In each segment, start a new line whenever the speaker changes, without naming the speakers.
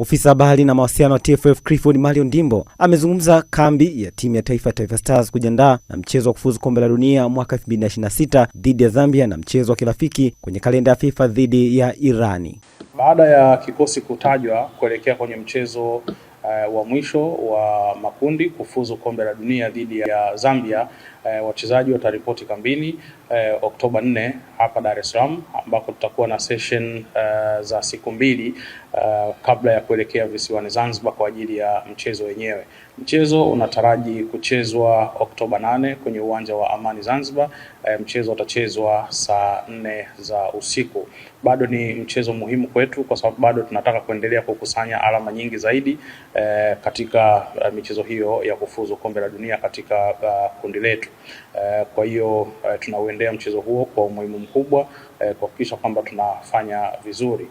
Ofisa habari na mawasiliano wa TFF Clifford Mario Ndimbo amezungumza kambi ya timu ya taifa Taifa Stars kujiandaa na mchezo wa kufuzu kombe la dunia mwaka 2026 dhidi ya Zambia na mchezo wa kirafiki kwenye kalenda ya FIFA dhidi ya Irani.
Baada ya kikosi kutajwa kuelekea kwenye mchezo uh, wa mwisho wa makundi kufuzu kombe la dunia dhidi ya Zambia e, wachezaji wataripoti kambini e, Oktoba 4 hapa Dar es Salaam ambako tutakuwa na session e, za siku mbili e, kabla ya kuelekea visiwani Zanzibar kwa ajili ya mchezo wenyewe. Mchezo unataraji kuchezwa Oktoba 8 kwenye uwanja wa Amani Zanzibar. E, mchezo utachezwa saa nne za usiku. Bado ni mchezo muhimu kwetu kwa sababu bado tunataka kuendelea kukusanya alama nyingi zaidi e, katika michezo hiyo ya kufuzu kombe la dunia katika uh, kundi letu. Eh, kwa hiyo eh, tunauendea mchezo huo kwa umuhimu mkubwa eh, kuhakikisha kwamba tunafanya vizuri.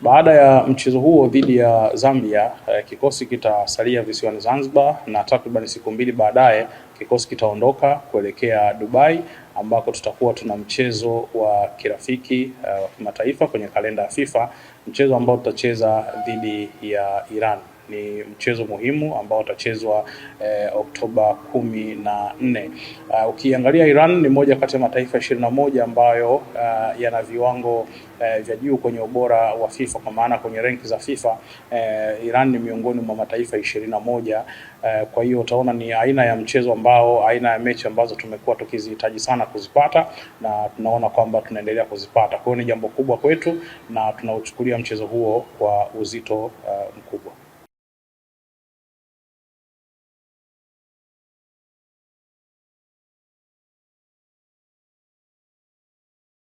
Baada ya mchezo huo dhidi ya Zambia, kikosi kitasalia visiwani Zanzibar na takriban siku mbili baadaye kikosi kitaondoka kuelekea Dubai ambako tutakuwa tuna mchezo wa kirafiki wa kimataifa kwenye kalenda ya FIFA, mchezo ambao tutacheza dhidi ya Iran ni mchezo muhimu ambao utachezwa eh, Oktoba kumi na nne. Uh, ukiangalia Iran ni moja kati ya mataifa ishirini na moja ambayo uh, yana viwango uh, vya juu kwenye ubora wa FIFA kwa maana kwenye rank za FIFA uh, Iran ni miongoni mwa mataifa ishirini na moja. Uh, kwa hiyo utaona ni aina ya mchezo ambao, aina ya mechi ambazo tumekuwa tukizihitaji sana kuzipata na tunaona kwamba tunaendelea kuzipata. Kwa hiyo ni jambo kubwa kwetu na tunauchukulia mchezo huo kwa uzito uh, mkubwa.